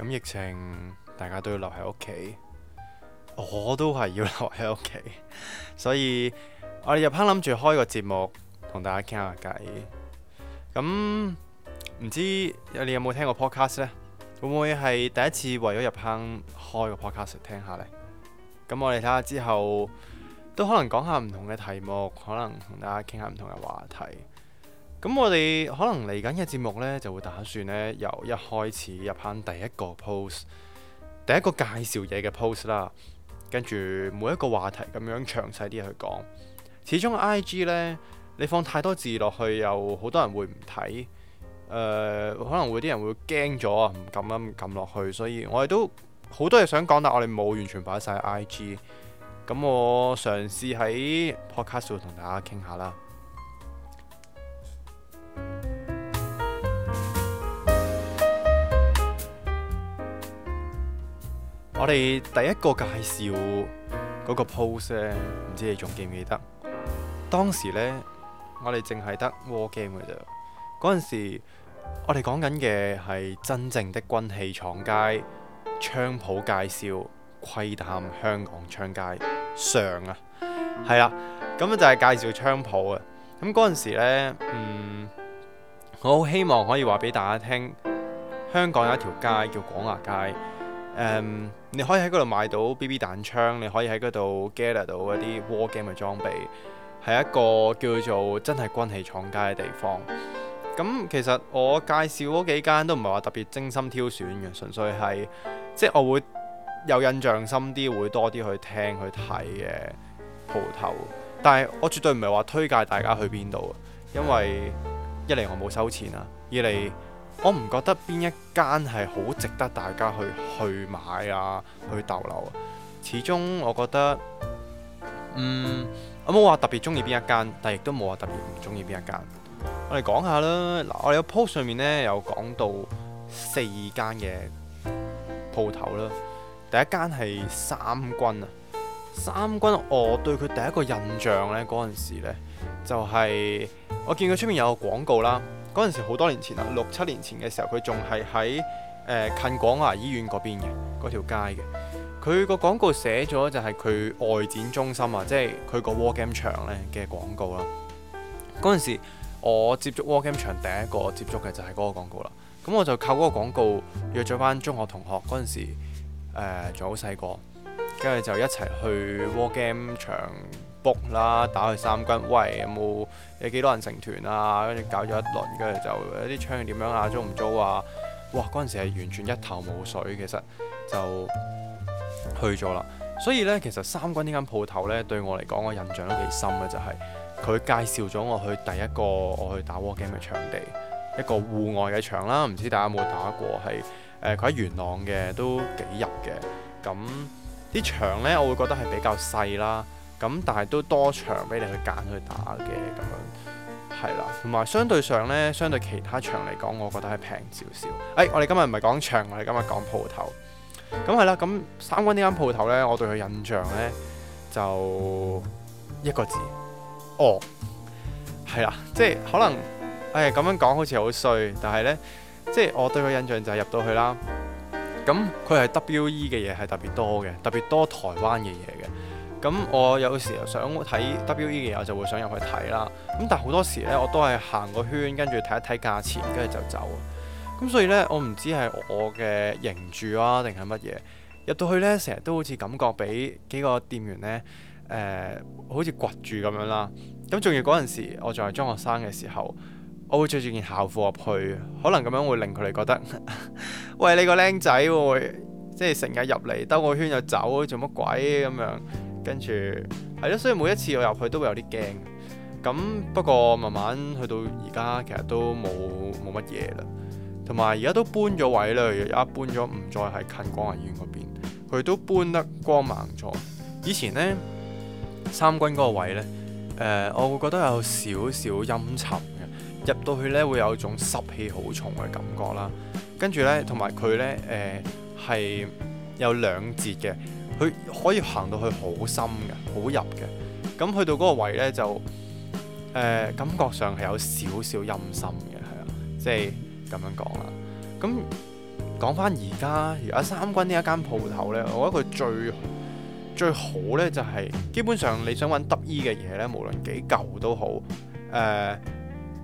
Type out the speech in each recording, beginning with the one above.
咁疫情，大家都要留喺屋企，我都係要留喺屋企， 所以我哋入坑諗住開個節目同大家傾下偈。咁唔知你有冇聽過 podcast 呢？會唔會係第一次為咗入坑開個 podcast 聽下呢？咁我哋睇下之後都可能講下唔同嘅題目，可能同大家傾下唔同嘅話題。咁我哋可能嚟緊嘅節目呢，就會打算呢由一開始入坑第一個 post，第一個介紹嘢嘅 post 啦，跟住每一個話題咁樣詳細啲去講。始終 IG 呢，你放太多字落去，又好多人會唔睇，誒、呃、可能會啲人會驚咗啊，唔敢咁撳落去。所以我哋都好多嘢想講，但我哋冇完全擺晒 IG。咁我嘗試喺 podcast 度同大家傾下啦。我哋第一個介紹嗰個 pose，唔知你仲記唔記得？當時呢，我哋淨係得 war game 嘅啫。嗰陣時，我哋講緊嘅係真正的軍器廠街、槍鋪介紹、窺探香港槍街上啊，係啦。咁就係介紹槍鋪啊。咁嗰陣時咧，嗯，我好希望可以話俾大家聽，香港有一條街叫廣華街。誒、um，你可以喺嗰度買到 BB 彈槍，你可以喺嗰度 gather 到一啲 war game 嘅裝備，係一個叫做真係軍器廠街嘅地方。咁其實我介紹嗰幾間都唔係話特別精心挑選嘅，純粹係即係我會有印象深啲，會多啲去聽去睇嘅鋪頭。但係我絕對唔係話推介大家去邊度，因為 Yeah. 一嚟我冇收錢啊，二嚟。我唔覺得邊一間係好值得大家去去買啊，去逗留啊。始終我覺得，嗯，我冇話特別中意邊一間，但係亦都冇話特別唔中意邊一間。我哋講下啦，嗱，我哋個 post 上面呢，有講到四間嘅鋪頭啦。第一間係三軍啊，三軍我對佢第一個印象呢，嗰陣時呢，就係我見佢出面有個廣告啦。嗰陣時好多年前啦，六七年前嘅時候，佢仲係喺誒近廣華醫院嗰邊嘅嗰條街嘅。佢個廣告寫咗就係佢外展中心啊，即係佢個 war game 場咧嘅廣告啦。嗰陣時我接觸 war game 場第一個接觸嘅就係嗰個廣告啦。咁我就靠嗰個廣告約咗班中學同學，嗰陣時誒仲好細個，跟住就一齊去 war game 場。book 啦，打去三軍，喂，有冇有幾多人成團啊？跟住搞咗一輪，跟住就一啲槍點樣啊？租唔租啊？哇！嗰陣時係完全一頭霧水，其實就去咗啦。所以呢，其實三軍呢間鋪頭呢，對我嚟講我印象都幾深嘅，就係、是、佢介紹咗我去第一個我去打 war game 嘅場地，一個戶外嘅場啦。唔知大家有冇打過？係誒，佢、呃、喺元朗嘅，都幾入嘅。咁啲場呢，我會覺得係比較細啦。咁但係都多場俾你去揀去打嘅咁樣，係啦，同埋相對上呢，相對其他場嚟講，我覺得係平少少。誒、哎，我哋今日唔係講場，我哋今日講鋪頭。咁係啦，咁三軍呢間鋪頭呢，我對佢印象呢，就一個字，惡，係啦，即係可能誒咁、哎、樣講好似好衰，但係呢，即係我對佢印象就係入到去啦。咁佢係 WE 嘅嘢係特別多嘅，特別多台灣嘅嘢嘅。咁我有時候想睇 W E 嘅嘢，我就會想入去睇啦。咁但係好多時咧，我都係行個圈，跟住睇一睇價錢，跟住就走。咁所以咧，我唔知係我嘅凝住啊，定係乜嘢入到去咧，成日都好似感覺俾幾個店員咧誒、呃，好似掘住咁樣啦。咁仲要嗰陣時，我仲係中學生嘅時候，我會着住件校服入去，可能咁樣會令佢哋覺得 喂，你個僆仔喎，即係成日入嚟兜個圈就走，做乜鬼咁樣？跟住係咯，所以每一次我入去都會有啲驚。咁不過慢慢去到而家，其實都冇冇乜嘢啦。同埋而家都搬咗位啦，而家搬咗唔再係近廣華醫院嗰邊，佢都搬得光猛咗。以前呢，三軍嗰個位呢，誒、呃、我會覺得有少少陰沉嘅，入到去呢，會有一種濕氣好重嘅感覺啦。跟住呢，同埋佢呢，誒、呃、係有兩節嘅。佢可以行到去好深嘅，好入嘅。咁去到嗰個位呢，就誒、呃、感覺上係有少少陰森嘅，係啊，即係咁樣講啦。咁講翻而家而家三軍呢一間鋪頭呢，我覺得佢最最好呢，就係、是、基本上你想揾得意嘅嘢呢，無論幾舊都好，誒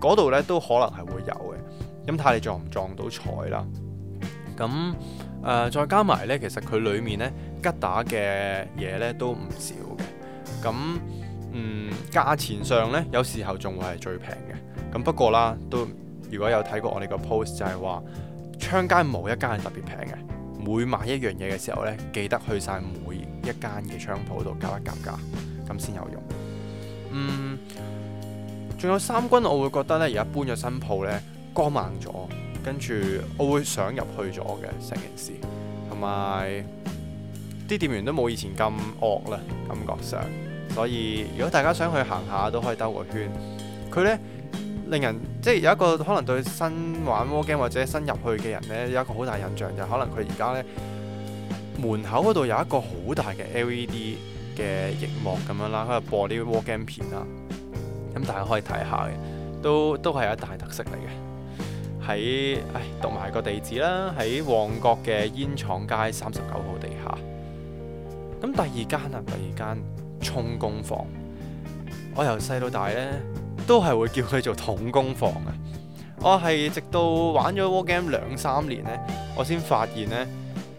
嗰度呢都可能係會有嘅。咁睇你撞唔撞到彩啦。咁誒、呃、再加埋呢，其實佢裡面呢。吉打嘅嘢咧都唔少嘅，咁嗯價錢上咧，有時候仲會係最平嘅。咁不過啦，都如果有睇過我哋個 post，就係話，槍街冇一間係特別平嘅。每買一樣嘢嘅時候咧，記得去晒每一間嘅商鋪度夾一夾價，咁先有用。嗯，仲有三軍，我會覺得咧，而家搬咗新鋪咧，光猛咗，跟住我會想入去咗嘅成件事，同埋。啲店員都冇以前咁惡啦，感覺上。所以如果大家想去行下，都可以兜個圈。佢呢令人即係有一個可能對新玩 War Game 或者新入去嘅人呢，有一個好大印象，就可能佢而家呢門口嗰度有一個好大嘅 LED 嘅熒幕咁樣啦，喺度播啲 War Game 片啦。咁大家可以睇下嘅，都都係一大特色嚟嘅。喺唉讀埋個地址啦，喺旺角嘅煙廠街三十九號地下。咁第二間啊，第二間充工房，我由細到大咧都係會叫佢做桶工房啊。我係直到玩咗 War Game 兩三年咧，我先發現咧，誒、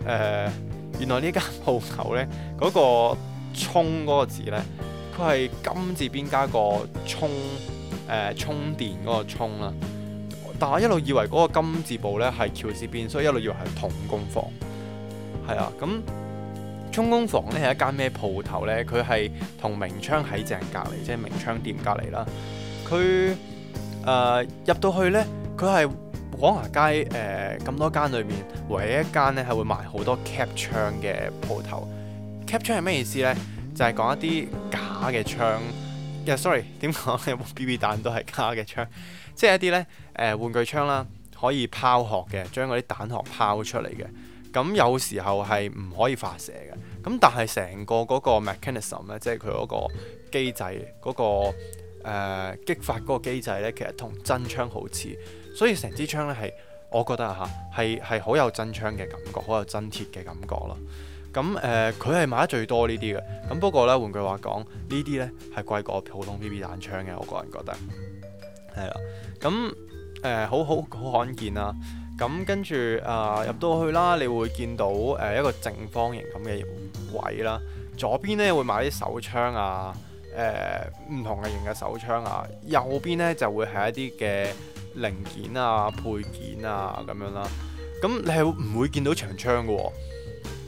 呃、原來間呢間鋪頭咧嗰個充嗰、嗰個字咧，佢係金字邊加個充誒、呃、充電嗰、嗰個充啦。但我一路以為嗰個金字部咧係橋字邊，所以一路以為係桶工房。係啊，咁。中工房呢係一間咩鋪頭呢？佢係同名槍喺正隔離，即係名槍店隔離啦。佢誒入到去呢，佢係廣華街誒咁、呃、多間裏面，唯一一間呢係會賣好多 cap 槍嘅鋪頭。cap 槍係咩意思呢？就係、是、講一啲假嘅槍。誒、yeah，sorry，點講有冇 BB 彈都係假嘅槍， 即係一啲呢誒、呃、玩具槍啦，可以拋殼嘅，將嗰啲彈殼拋出嚟嘅。咁有時候係唔可以發射嘅，咁但係成個嗰個 mechanism 咧，即係佢嗰個機制嗰、嗰個、呃、激發嗰個機制咧，其實同真槍好似，所以成支槍咧係我覺得啊嚇係係好有真槍嘅感覺，好有真鐵嘅感覺咯。咁誒佢係買得最多呢啲嘅，咁不過咧換句話講，呢啲咧係貴過普通 BB 彈槍嘅，我個人覺得係啦。咁誒、呃、好好好罕見啦。咁跟住誒入到去啦，你會見到誒、呃、一個正方形咁嘅位啦。左邊呢會買啲手槍啊，誒、呃、唔同嘅型嘅手槍啊。右邊呢就會係一啲嘅零件啊、配件啊咁樣啦、啊。咁你係唔會見到長槍嘅喎、啊。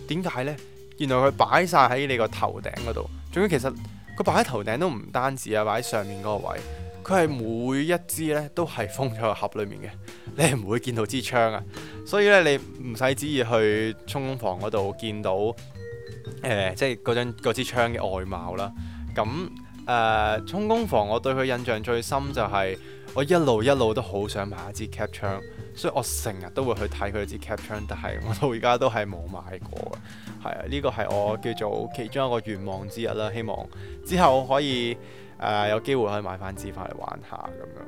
點解呢？原來佢擺晒喺你個頭頂嗰度。總之，其實佢擺喺頭頂都唔單止係、啊、擺喺上面嗰個位。佢係每一支咧都係封咗個盒裡面嘅，你係唔會見到支槍啊，所以咧你唔使旨意去充公房嗰度見到誒、呃，即係嗰支槍嘅外貌啦。咁誒充公房，我對佢印象最深就係、是、我一路一路都好想買一支 cap 槍，所以我成日都會去睇佢啲 captain，但係我到而家都係冇買過嘅。係啊，呢個係我叫做其中一個願望之一啦。希望之後可以誒、呃、有機會可以買翻支翻嚟玩下咁樣。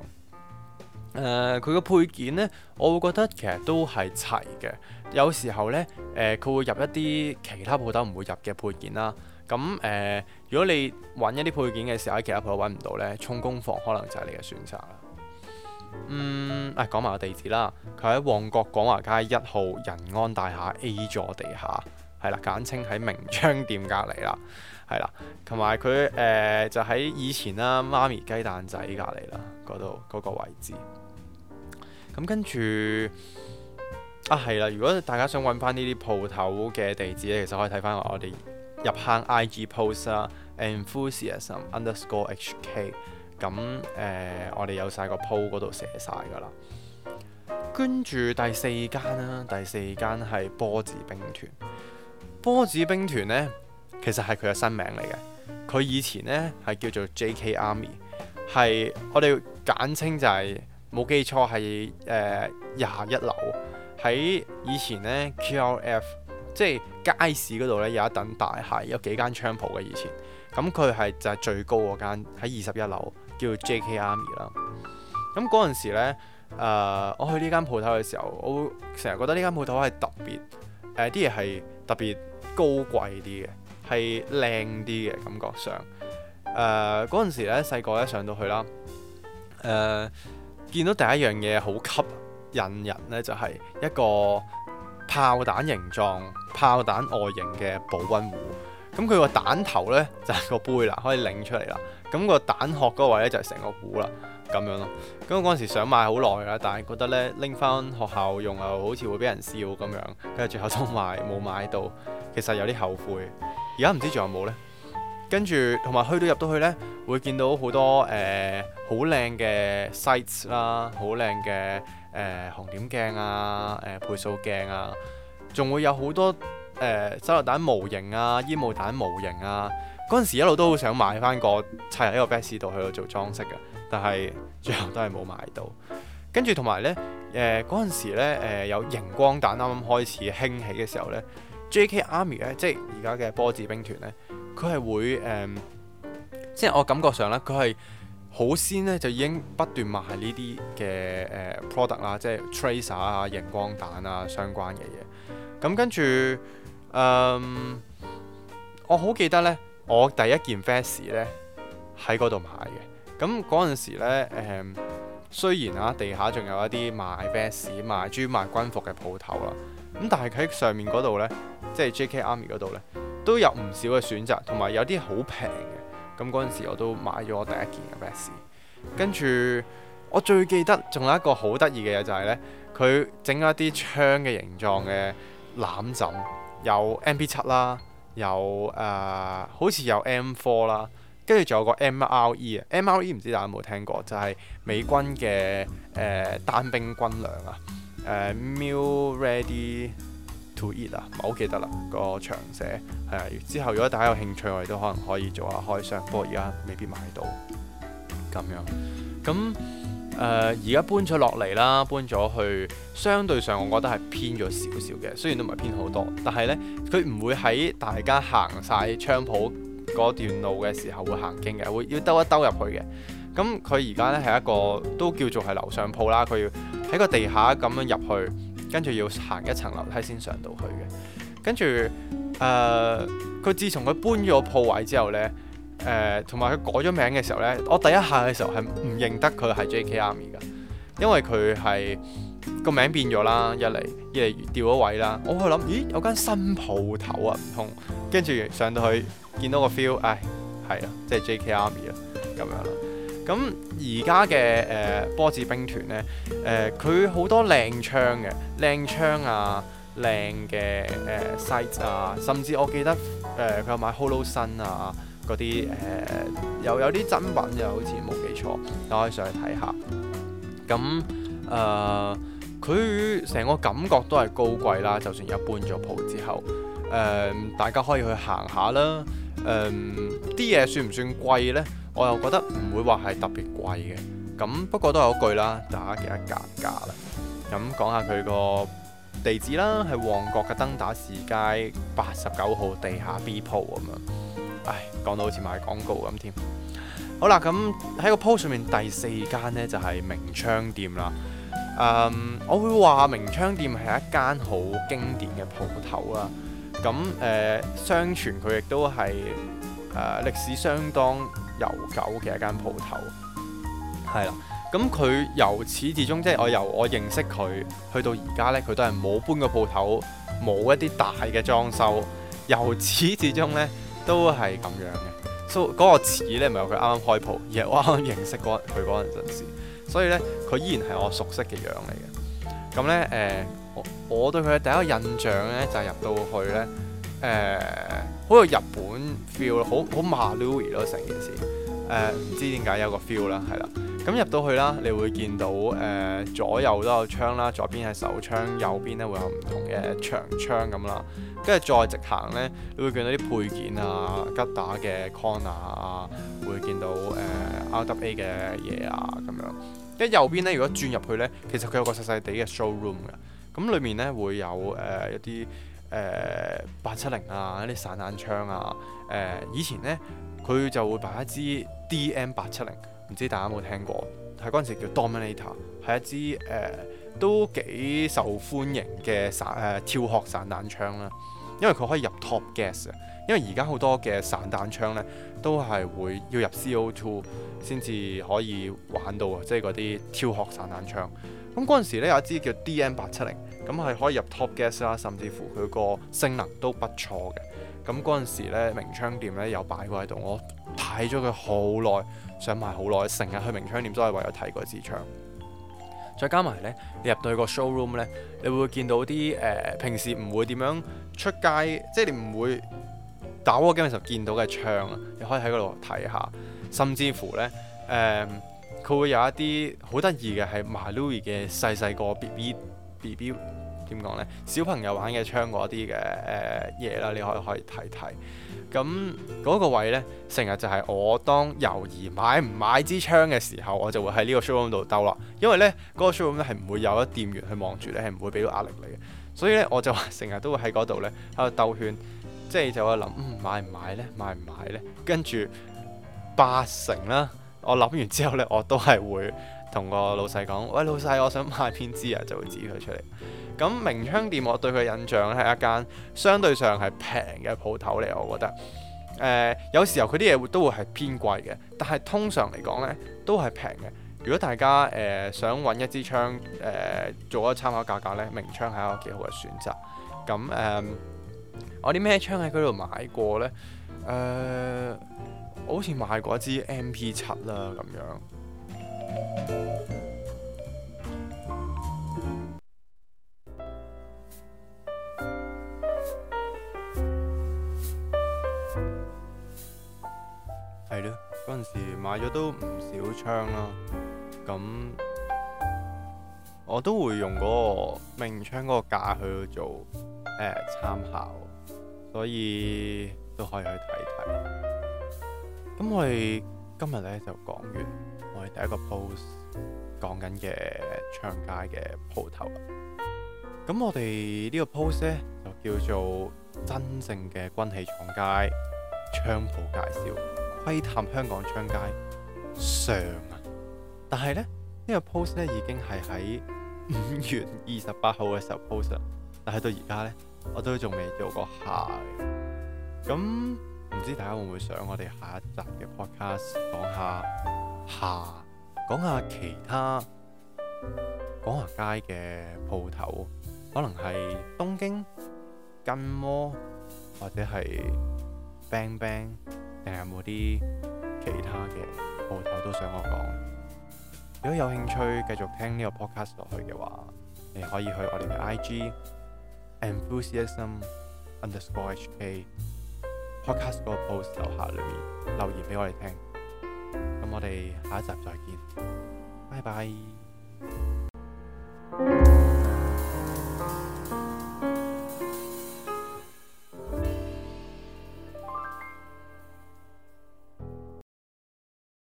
誒、呃，佢嘅配件呢，我會覺得其實都係齊嘅。有時候呢，誒、呃、佢會入一啲其他鋪頭唔會入嘅配件啦。咁誒、呃，如果你揾一啲配件嘅時候喺其他鋪頭揾唔到呢，充攻房可能就係你嘅選擇啦。嗯，誒、哎，講埋個地址啦，佢喺旺角廣華街一號仁安大廈 A 座地下，係啦，簡稱喺明昌店隔籬啦，係啦，同埋佢誒就喺以前啦媽咪雞蛋仔隔籬啦，嗰度嗰個位置。咁跟住啊係啦，如果大家想搵翻呢啲鋪頭嘅地址咧，其實可以睇翻我我哋入坑 IG post 啊，Enthusiasm Underscore HK。 嗯 咁誒、呃，我哋有晒個 po 嗰度寫晒㗎啦。跟住第四間啦，第四間係波子兵團。波子兵團呢，其實係佢嘅新名嚟嘅。佢以前呢係叫做 J.K. Army，係我哋簡稱就係、係、冇記錯係誒廿一樓。喺以前呢 k l f 即係街市嗰度呢，有一棟大廈，係有幾間槍鋪嘅以前。咁佢係就係最高嗰間，喺二十一樓。叫 JK Army 啦，咁嗰陣時咧、呃，我去呢間鋪頭嘅時候，我成日覺得呢間鋪頭係特別，誒、呃，啲嘢係特別高貴啲嘅，係靚啲嘅感覺上。誒、呃，嗰、那、陣、個、時咧，細個咧上到去啦，誒、呃，見到第一樣嘢好吸引人呢，就係、是、一個炮彈形狀、炮彈外形嘅保溫壺。咁佢個彈頭呢，就係、是、個杯啦，可以擰出嚟啦。咁個蛋殼嗰位咧就係成個壺啦，咁樣咯。咁我嗰陣時想買好耐啦，但係覺得咧拎翻學校用又好似會俾人笑咁樣，跟住最後都買冇買到，其實有啲後悔。而家唔知仲有冇呢？跟住同埋去到入到去呢，會見到好多誒好靚嘅 sights 啦，好靚嘅誒紅點鏡啊，誒倍數鏡啊，仲會有好多誒手榴彈模型啊，煙霧彈模型啊。嗰陣時一路都好想買翻個砌喺個壁紙度，去度做裝飾嘅。但係最後都係冇買到。跟住同埋呢，誒嗰陣時咧、呃，有熒光彈啱啱開始興起嘅時候呢 JK Army 咧，即係而家嘅波子兵團呢，佢係會誒，即、嗯、係、就是、我感覺上呢，佢係好先呢就已經不斷賣呢啲嘅誒 product 啦、啊，即係 tracer 啊、熒光彈啊相關嘅嘢。咁跟住，嗯，我好記得呢。我第一件 vest 咧喺嗰度買嘅，咁嗰陣時咧，誒、嗯、雖然啊，地下仲有一啲賣 vest、賣專賣軍服嘅鋪頭啦，咁但係佢喺上面嗰度咧，即係 JK Army 嗰度咧，都有唔少嘅選擇同埋有啲好平嘅，咁嗰陣時我都買咗我第一件嘅 vest，跟住我最記得仲有一個好得意嘅嘢就係咧，佢整一啲槍嘅形狀嘅攬枕，有 MP 七啦。有誒、呃，好似有 M4 啦，跟住仲有個 MRE 啊，MRE 唔知大家有冇聽過，就係、是、美軍嘅誒、呃、單兵軍糧啊，誒、啊、Meal Ready To Eat 啊，唔係好記得啦，那個長寫係、啊。之後如果大家有興趣，我哋都可能可以做下開箱，不過而家未必買到咁樣咁。誒而家搬咗落嚟啦，搬咗去，相對上我覺得係偏咗少少嘅，雖然都唔係偏好多，但係呢，佢唔會喺大家行晒槍鋪嗰段路嘅時候會行經嘅，會要兜一兜入去嘅。咁佢而家呢係一個都叫做係樓上鋪啦，佢要喺個地下咁樣入去，跟住要行一層樓梯先上到去嘅。跟住誒，佢、呃、自從佢搬咗鋪位之後呢。誒同埋佢改咗名嘅時候呢，我第一下嘅時候係唔認得佢係 JK Army 噶，因為佢係個名變咗啦，一嚟一嚟掉咗位啦。我去諗咦有間新鋪頭啊，唔通跟住上到去見到個 feel，唉係啊，即、就、係、是、JK Army 啦咁樣啦。咁而家嘅誒波子兵團呢，誒佢好多靚槍嘅靚槍啊，靚嘅誒、呃、sight 啊，甚至我記得誒佢、呃、有買 Holosun 啊。嗰啲誒又有啲真品又好似冇記錯，我可以上去睇下。咁誒，佢、呃、成個感覺都係高貴啦。就算有搬咗鋪之後，誒、呃、大家可以去行下啦。誒啲嘢算唔算貴呢？我又覺得唔會話係特別貴嘅。咁不過都係嗰句啦，大家記得減價啦。咁講下佢個地址啦，係旺角嘅登打士街八十九號地下 B 鋪咁樣。唉，講到好似賣廣告咁添。好啦，咁喺個 po 上面第四間呢，就係、是、明昌店啦。嗯、um，我會話明昌店係一間好經典嘅鋪頭啊。咁誒、呃，相傳佢亦都係誒歷史相當悠久嘅一間鋪頭，係啦。咁佢由始至終，即係我由我認識佢去到而家呢，佢都係冇搬過鋪頭，冇一啲大嘅裝修，由始至終呢。都係咁樣嘅，都、so, 嗰個似咧，唔係佢啱啱開鋪，而係我啱啱認識佢嗰陣時，所以咧佢依然係我熟悉嘅樣嚟嘅。咁咧誒，我我對佢嘅第一個印象咧就係、是、入到去咧誒，好、呃、有日本 feel，好好麻 Loui 咯成件事，誒、呃、唔知點解有個 feel 啦，係啦。咁入到去啦，你會見到誒、呃、左右都有槍啦，左邊係手槍，右邊咧會有唔同嘅長槍咁啦。跟住再直行咧，你會見到啲配件啊、吉打嘅 corner 啊，會見到誒、呃、RWA 嘅嘢啊咁樣。跟住右邊咧，如果轉入去咧，其實佢有個細細地嘅 showroom 嘅，咁裏面咧會有誒、呃、一啲誒八七零啊、一啲散彈槍啊，誒、呃、以前咧佢就會擺一支 DM 八七零。唔知大家有冇聽過？喺嗰陣時叫 Dominator，係一支誒、呃、都幾受歡迎嘅散誒跳殼散彈槍啦。因為佢可以入 Top Gas 啊。因為而家好多嘅散彈槍咧都係會要入 CO2 先至可以玩到啊，即係嗰啲跳殼散彈槍。咁嗰陣時呢有一支叫 DM 八七零，咁係可以入 Top Gas 啦，甚至乎佢個性能都不錯嘅。咁嗰陣時咧，名槍店呢有擺過喺度，我睇咗佢好耐。想買好耐，成日去名槍店都係為咗睇嗰支槍。再加埋呢，你入到去個 showroom 呢，你會見到啲誒、呃、平時唔會點樣出街，即係你唔會打 war game 嘅時候見到嘅槍啊，你可以喺嗰度睇下。甚至乎呢，誒、呃、佢會有一啲好得意嘅係 Marui 嘅細細個 BB BB 點講呢？小朋友玩嘅槍嗰啲嘅誒嘢啦，你可以可以睇睇。咁嗰個位呢，成日就係我當猶疑買唔買支槍嘅時候，我就會喺呢個 showroom 度兜啦。因為呢嗰、那個 showroom 係唔會有一店員去望住你，係唔會俾到壓力你嘅。所以呢，我就成日都會喺嗰度呢，喺度兜圈，即係就去諗、嗯、買唔買呢？買唔買呢？」跟住八成啦，我諗完之後呢，我都係會同個老細講：喂，老細，我想買邊支啊，就會指佢出嚟。咁明槍店我對佢印象呢，係一間相對上係平嘅鋪頭嚟，我覺得。誒、呃、有時候佢啲嘢都會係偏貴嘅，但係通常嚟講呢，都係平嘅。如果大家誒、呃、想揾一支槍誒、呃、做一個參考價格呢，明槍係一個幾好嘅選擇。咁誒、呃，我啲咩槍喺嗰度買過呢？誒、呃，我好似買過一支 MP7 啦咁樣。買咗都唔少槍啦，啊，咁我都會用嗰個明槍嗰個價去做誒、呃、參考，所以都可以去睇睇。咁我哋今日咧就講完我哋第一個 post 講緊嘅槍街嘅鋪頭。咁我哋呢個 post 咧就叫做真正嘅軍器廠街槍鋪介紹。窺探香港槍街，上啊！但係咧呢、這個 post 咧已經係喺五月二十八號嘅時候 post 啦，但係到而家咧我都仲未做過下咁唔、嗯、知大家會唔會想我哋下一集嘅 podcast 講下下，講下其他廣華街嘅鋪頭，可能係東京金摩或者係 Bang Bang，定係冇啲其他嘅鋪頭都想我講。如果有興趣繼續聽呢個 podcast 落去嘅話，你可以去我哋嘅 IG Enthusiasm_HK Podcast 個 Post 留下裏面留言俾我哋聽。咁我哋下一集再見，拜拜。